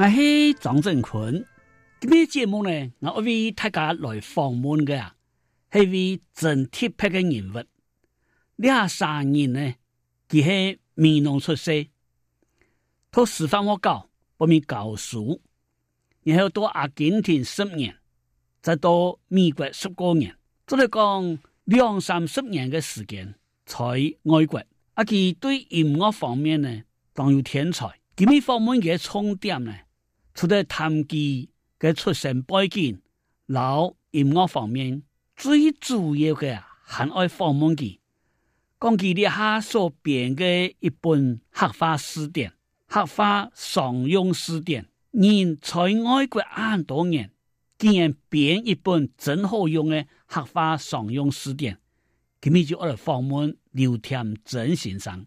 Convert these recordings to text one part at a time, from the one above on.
我係張振坤，今日節目呢，我為大家來訪問嘅啊，係一位正貼片嘅人物，廿三年呢，佢喺美濃出世，到示範我教，不免教書，然後到阿根廷十年，再到美國十個年，即係講兩三十年嘅時間，喺外國，阿、啊、佢對音樂方面呢，當有天才，今日訪問嘅重點呢？除在談及佮出身背景、老音樂方面，最主要嘅很愛訪問佢。講佢咧下所編嘅一本《客話字典》《客話常用字典》，念在外國很多年，竟然編一本真好用嘅《客話常用字典》，佢咪就愛訪問劉添珍先生。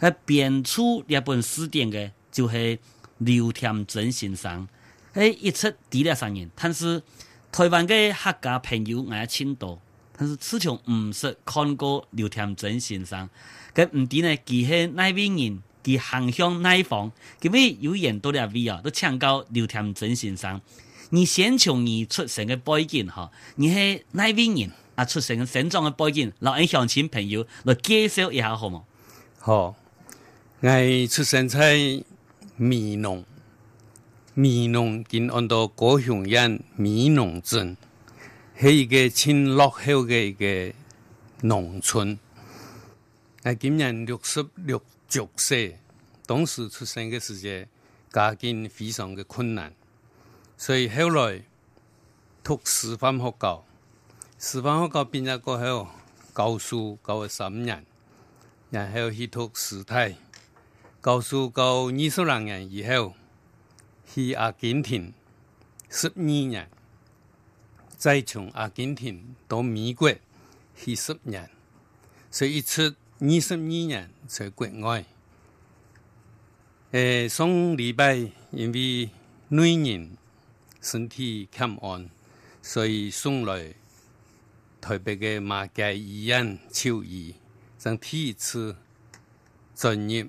誒，編出呢本字典嘅就是劉添珍先生。誒，一出幾廿三年，但是台灣嘅客家朋友也千多，但是始終唔識看過劉添珍先生。跟唔知呢，佢係哪邊人，佢行向哪方？因為有言都咧位啊，都請教劉添珍先生。你先從你出身嘅背景吼，你係哪邊人啊？出身嘅成長嘅背景，老向親朋友來介紹一下好嗎？好。我出生在美濃，美濃建安到高雄縣美濃鎮，係一個偏落後嘅一個農村。我今年六十六周歲，當時出生嘅時間，家境非常嘅困難，所以後來讀師範學校，師範學校畢業過後教書教咗十三年，然後去讀師大。告訴夠二十人以後去阿根廷十二年，再從阿根廷到美國十年，所以出二十二年在國外。誒，上禮拜因為女人身體欠安，所以送來台北嘅馬偕醫院求醫，想第一次專業。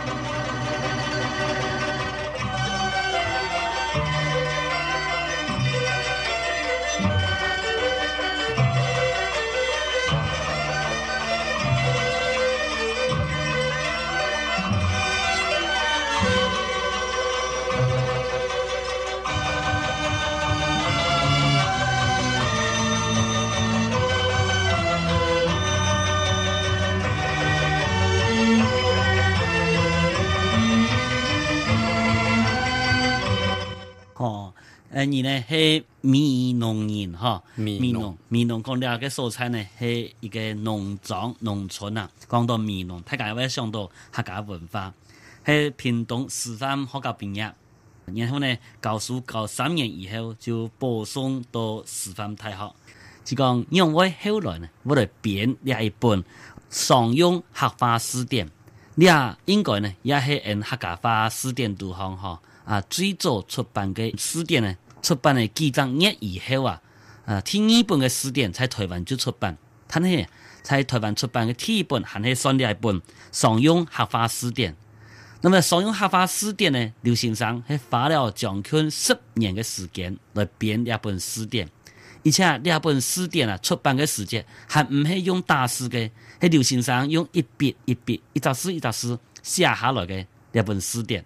佢呢係美濃人？哈，美濃美濃講啲下嘅蔬菜呢係一個農莊農村啊。講到美濃，大家有想到客家文化。係屏東師範學校畢業。然後呢教書教三年以後就保送到師範大學。就講因為後來呢，我哋編了一本常用客話字典，你啊應該呢也係按客家話字典度行哈。啊，最早出版嘅字典呢？出版嘅幾張年以後啊，啊第一本嘅字典在台灣就出版。但係在台灣出版嘅第一本常用客話字典。那麼常用客話字典呢？劉先生係花了將近十年嘅時間嚟編本字典，以前啊、本字典啊出版嘅時間係唔係用打字嘅，係劉先生用一筆一筆一字一字寫下來本字典。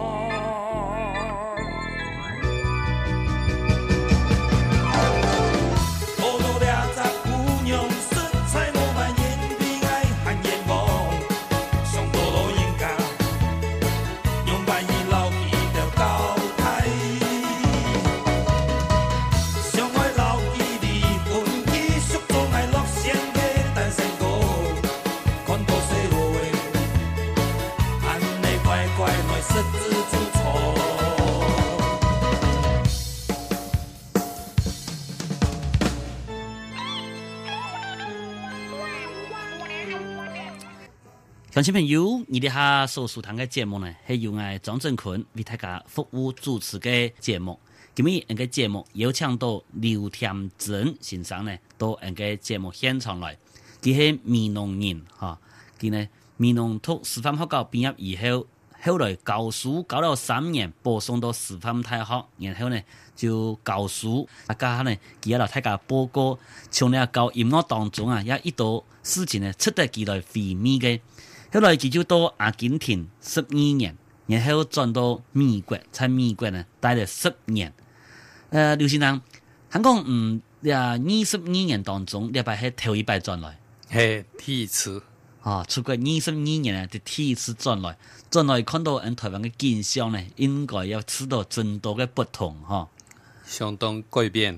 鄉親朋友，而家收書堂嘅節目呢，係由我張振坤為大家服務主持嘅節目。今日個節目邀請到劉添珍先生咧，到個節目現場來。佢係美濃人，吓佢咧美濃讀師範學校畢業，以後後來教書教了三年，播送到師範大學，然後呢，就教書。大、啊、家咧，佢喺度大家播歌，唱下教音樂當中啊，也一度事情咧出得幾嚟，肥美嘅。後來聚就到阿根廷十二年，然後轉到美國，在美國呢待了十年。誒、呃，劉先生，肯講嗯，廿二十二年當中，一擺喺頭一擺轉來係第一次，啊、哦，出國。二十二年咧，就第一次轉來，轉來看到喺台灣的景象呢，應該有諸多真多嘅不同，哈，相當改變。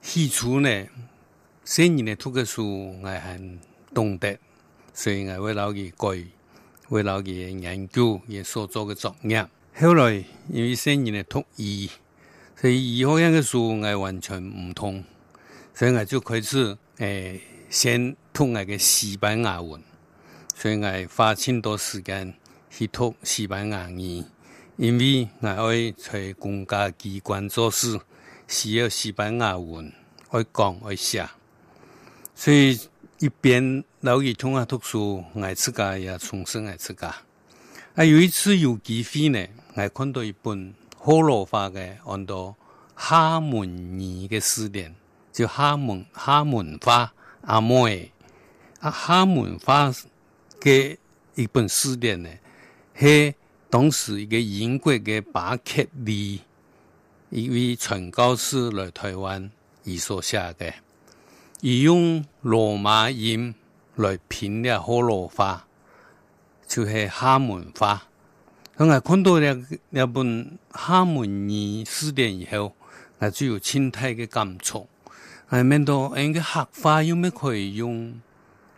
起初呢，細人的讀的書我很懂得，所以我為老佢改，為老佢研究佢所作的作業。後來因為細人的讀醫，所以醫科的書我完全唔通，所以我就開始誒、呃、先讀下嘅西班牙文，所以我花千多時間去讀西班牙語，因為我愛在公家機關做事。是要西，西班牙文，愛講愛寫。所以一邊留意通啊，讀書，愛自家也充生愛自家。啊，有一次有機會呢，挨看到一本河洛話嘅，按、嗯、到廈門尼嘅字典，就廈門廈門話阿妹，啊廈門話嘅一本字典呢，係當時一個英國嘅巴克里。一位傳教士來台灣伊所寫嘅，佢用羅馬音來拼嘅河洛話，就係、是、廈門話。咁我看到呢呢本廈門音字典以後，我就有親切嘅感觸。我見到一個客話有咩可以用？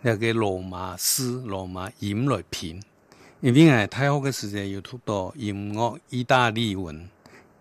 一個羅馬字羅馬音來拼，因為喺大學嘅時代有讀到音樂意大利文。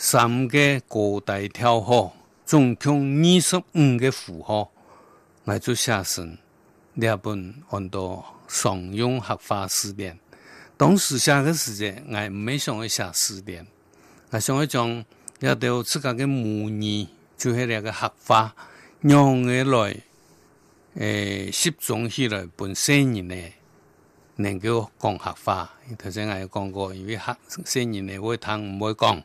三個高大跳河總共二十五個符號，我做下身兩本按到常用客話字典。當時下個時間我沒想到寫字典，我想要將一到自家的母語就起兩個客話讓佢、欸、來誒集中起來本身二年能夠講客話。頭先我也講過，因為學二年嚟會聽唔會講。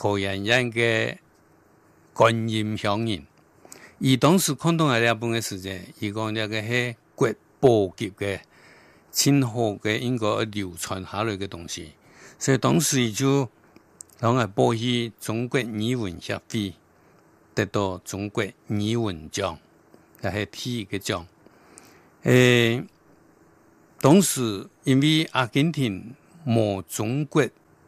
唐人嘅觀音鄉音，伊當時看懂系兩半嘅時間，伊講，一個係國寶級嘅，前後嘅應該流傳下來嘅東西，所以當時伊就兩系報起中國語文協會，得到中國語文獎，係係第一個獎。誒、欸，當時因為阿根廷冇中國。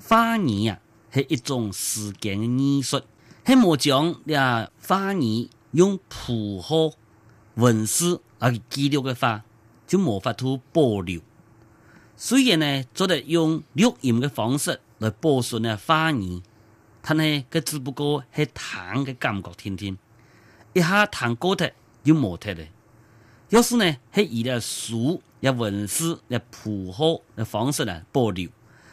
話語啊，是一種時間的藝術。喺冇將啲話語用符號、文字啊記錄的話，就無法度保留。雖然呢，做得用錄音的方式來保存呢話語，但呢，佢只不過係彈的感覺聽聽，一下彈歌嘅，有冇的，要是呢，係以啲書、嘅文字、來符號的方式來保留。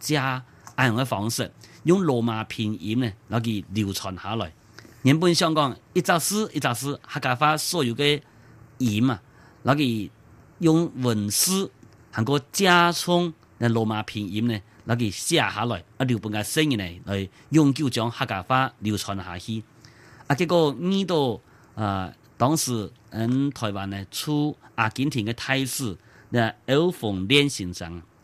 借啱嘅方式，用羅馬拼音呢，來佢流傳下來。原本想講一字一字客家話所有的音啊，攞佢用文字，行過加充那羅馬拼音呢，攞佢寫下來，一兩本的聲音呢，來永久將客家話流傳下去。啊，結果呢度啊，當時嗯，台灣呢，出阿根廷的態勢，那歐鳳蓮先生。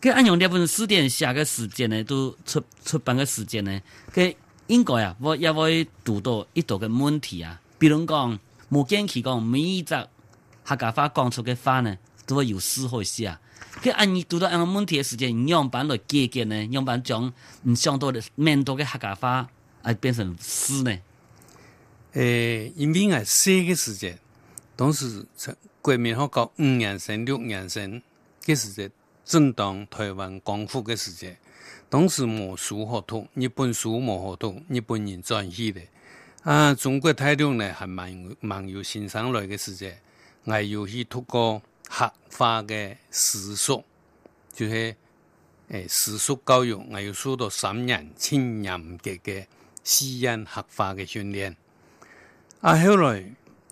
佮俺用兩分十點下個時間呢，都出出版個時間呢，佮應該呀，我也會讀到一度個問題啊。比如講，莫見其講每一個客家話講出嘅話呢，都會有詩好寫啊。佮俺你讀到俺個問題的時間，用板來借鑒呢，用板將唔想到的蠻多嘅客家話啊變成詩呢。誒、欸，因為寫嘅時間，當時國民學校五年生、六年生嘅時正當台灣光復的時節，當時我書學徒，日本書冇學徒，日本人轉移的。啊，中國大陸呢還慢慢有新生來的時節，我有去讀過客話的私塾，就是誒私塾教育，我有受到三年千年嘅嘅私恩客話的訓練。啊，後來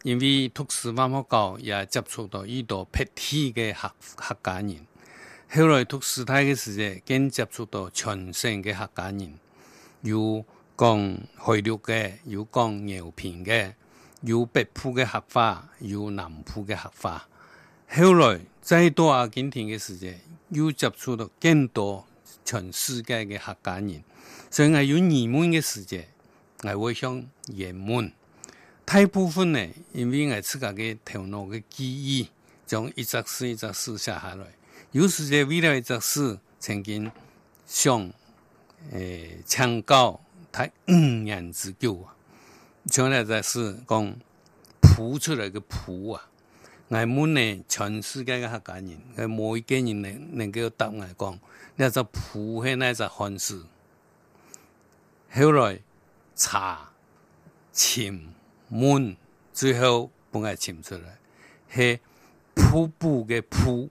因為讀私話教，也接觸到依度僻僻的客客家人。後來讀師大嘅時節，更接觸到全省嘅客家人，有講海陸嘅，有講饒平嘅，有北部嘅客話，有南部嘅客話。後來再到阿根廷嘅時節，又接觸到更多全世界嘅客家人，所以我有疑問嘅時節，我會向人們，大部分呢，因為我自家嘅頭腦嘅記憶，將一隻詩一隻詩寫下來。有時在未來就是曾經想誒，請教他五年之久啊。將來就是講瀑出來的瀑啊，嗌滿呢全世界嘅客家人，佢冇一個人能能夠答我講，呢個瀑係呢個漢字。後來查潛滿，最後幫我潛出來係瀑布嘅瀑。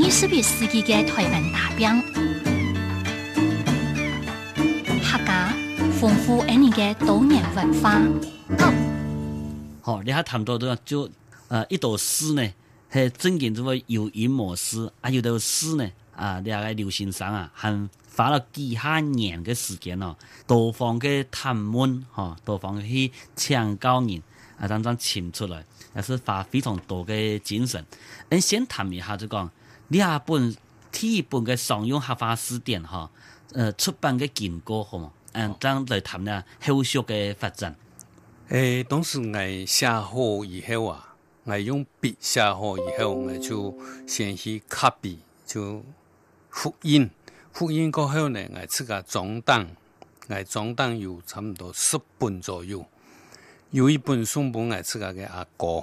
呢十月事件嘅台灣大兵，客家豐富而嚟嘅多元文化。好、哦，你睇談到的就，呃一道詩呢，係真嘅，這話有一幕詩，啊，有道詩呢，啊、呃，你睇下劉先生啊，係花了幾下年的時間咯、啊，多方的探問，嗬、哦，多方的請教人啊，等等，請出來，又是花非常多的精神。你、嗯、先談一下這個。你下本第二本的常用客話字典哈，呃，出版的經過好冇？嗯，今再來談啦，後續的發展。誒，當時我寫好以後啊，我用筆寫好以後，我就先去 copy，就複印，複印過後呢，我自己裝檔，我裝檔有差唔多十本左右，有一本送本我自家嘅阿哥。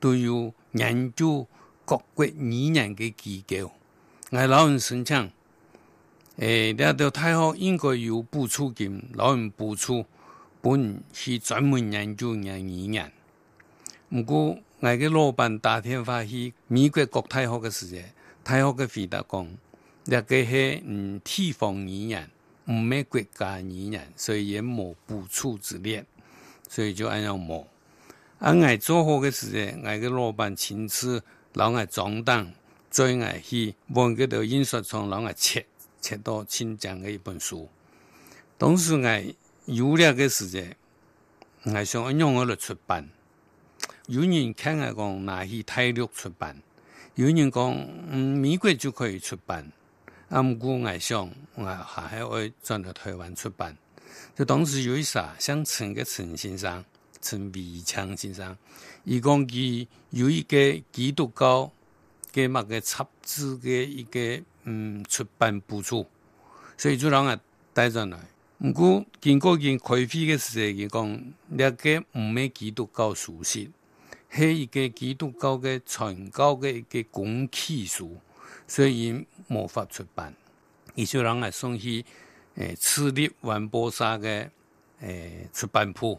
都有研究各國語言的機構。我老人聲稱，誒、哎，呢個大學應該有補助金。”老人補助本是專門研究人語言。唔過我嘅老闆打電話去美國國大學的時候，大學的回答講，呢個係嗯地方語言，唔係國家語言，所以也冇補助之列，所以就按照冇。啊、我挨做貨嘅時陣，挨個老闆親自，老愛裝訂，最愛去搬嗰度印刷廠，老愛切切到千張嘅一本書。當時我有呢個時陣，我想用我嚟出版，有人聽我講拿去泰語出版，有人講美國就可以出版，咁、啊、故我想我下下會轉到台灣出版。就當時有一位姓陳個陳先生。陳偉強先生，伊講伊有一個基督教嘅乜嘅雜誌嘅一個，一個嗯出版部處，所以主人啊帶咗來。唔過經過經開會嘅時候，佢講呢個唔係基督教事實，係一個基督教嘅傳教嘅一個工具書，所以無法出版。伊以主人啊送去誒赤立萬波沙嘅誒出版鋪。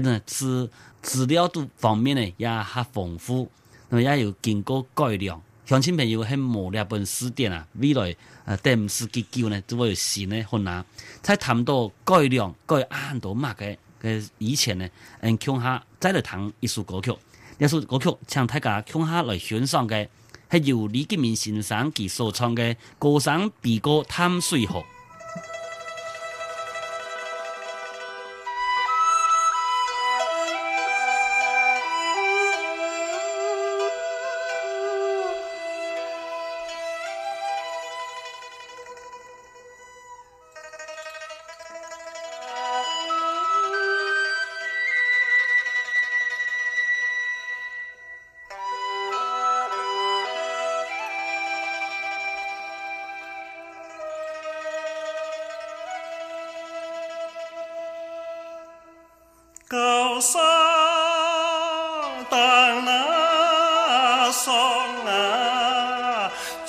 呢，資資料都方面呢也豐富，也有經過改良。鄉親朋友還磨兩本書店啊，未來呃，第五世紀呢，都會有新的困難。再談到改良，改良到乜嘅以前呢，嗯，恐下再來談一首歌曲，歌曲一首歌曲，像大家恐下來欣賞嘅，係由李吉明先生佢所創的《高山比歌嘆水河》。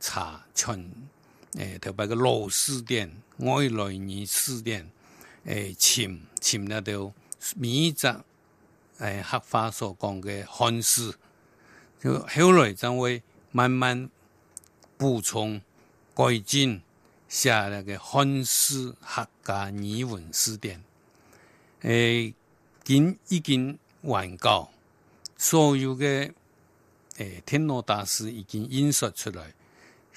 查全，誒、呃，特別嘅羅氏典、埃萊爾氏典，誒、呃，尋潛嗱條美則，誒、呃，黑花所講嘅漢詩，就後來就會慢慢補充改進，寫那個漢詩客家語文字典，誒、呃，經已經完稿，所有嘅誒、呃、天羅大師已經印刷出，出來。